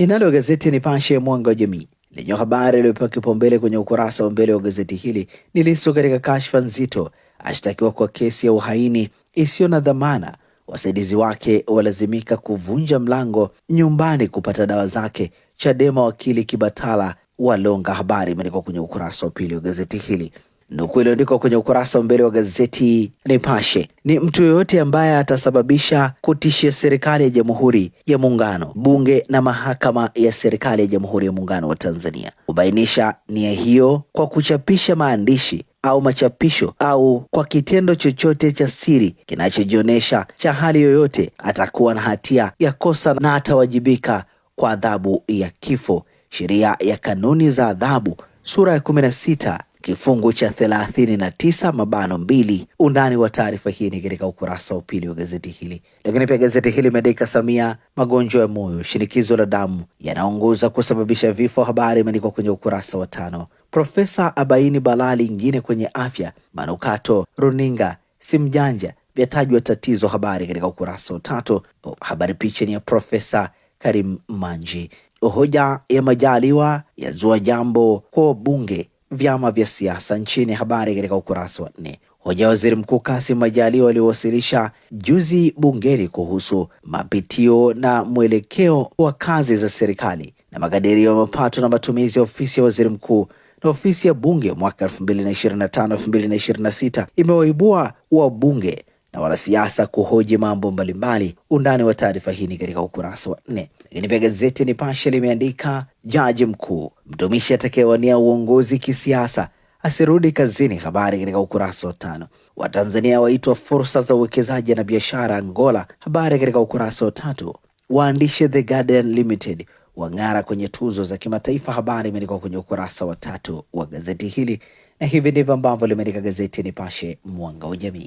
Ninalo gazeti ya Nipashe mwanga wa jamii lenye habari iliyopewa kipaumbele kwenye ukurasa wa mbele wa gazeti hili ni Lissu katika kashfa nzito, ashtakiwa kwa kesi ya uhaini isiyo na dhamana, wasaidizi wake walazimika kuvunja mlango nyumbani kupata dawa zake, Chadema wakili Kibatala walonga. Habari imeandikwa kwenye ukurasa wa pili wa gazeti hili nukuu iliyoandikwa kwenye ukurasa wa mbele wa gazeti Nipashe ni mtu yoyote ambaye atasababisha kutishia serikali ya Jamhuri ya Muungano, bunge na mahakama ya serikali ya Jamhuri ya Muungano wa Tanzania, kubainisha nia hiyo kwa kuchapisha maandishi au machapisho au kwa kitendo chochote cha siri kinachojionyesha cha hali yoyote, atakuwa na hatia ya kosa na atawajibika kwa adhabu ya kifo. Sheria ya kanuni za adhabu sura ya kumi na sita kifungu cha thelathini na tisa mabano mbili. Undani wa taarifa hii ni katika ukurasa wa pili wa gazeti hili. Lakini pia gazeti hili imeandika Samia, magonjwa ya moyo, shinikizo la damu yanaongoza kusababisha vifo. Habari imeandikwa kwenye ukurasa wa tano. Profesa abaini balaa lingine kwenye afya, manukato, runinga, simu janja vyatajwa tatizo. Habari katika ukurasa wa tatu. Oh, habari picha ni ya Profesa Karim Manji. Hoja ya Majaliwa yazua jambo kwa bunge vyama vya siasa nchini. Habari katika ukurasa wa nne. Hoja ya waziri mkuu Kassim Majaliwa aliyowasilisha juzi bungeni kuhusu mapitio na mwelekeo wa kazi za serikali na makadirio ya mapato na matumizi ya ofisi ya waziri mkuu na ofisi ya bunge mwaka 2025 2026 imewaibua wabunge na wanasiasa kuhoji mambo mbalimbali. Undani wa taarifa hii ni katika ukurasa wa nne. Lakini pia gazeti Nipashe limeandika jaji mkuu, mtumishi atakayewania uongozi kisiasa asirudi kazini. Habari katika ukurasa wa tano. Watanzania waitwa fursa za uwekezaji na biashara Angola. Habari katika ukurasa wa tatu. Waandishi The Guardian Limited wang'ara kwenye tuzo za kimataifa. Habari imeandikwa kwenye ukurasa wa tatu wa gazeti hili, na hivi ndivyo ambavyo limeandika gazeti Nipashe, mwanga wa jamii.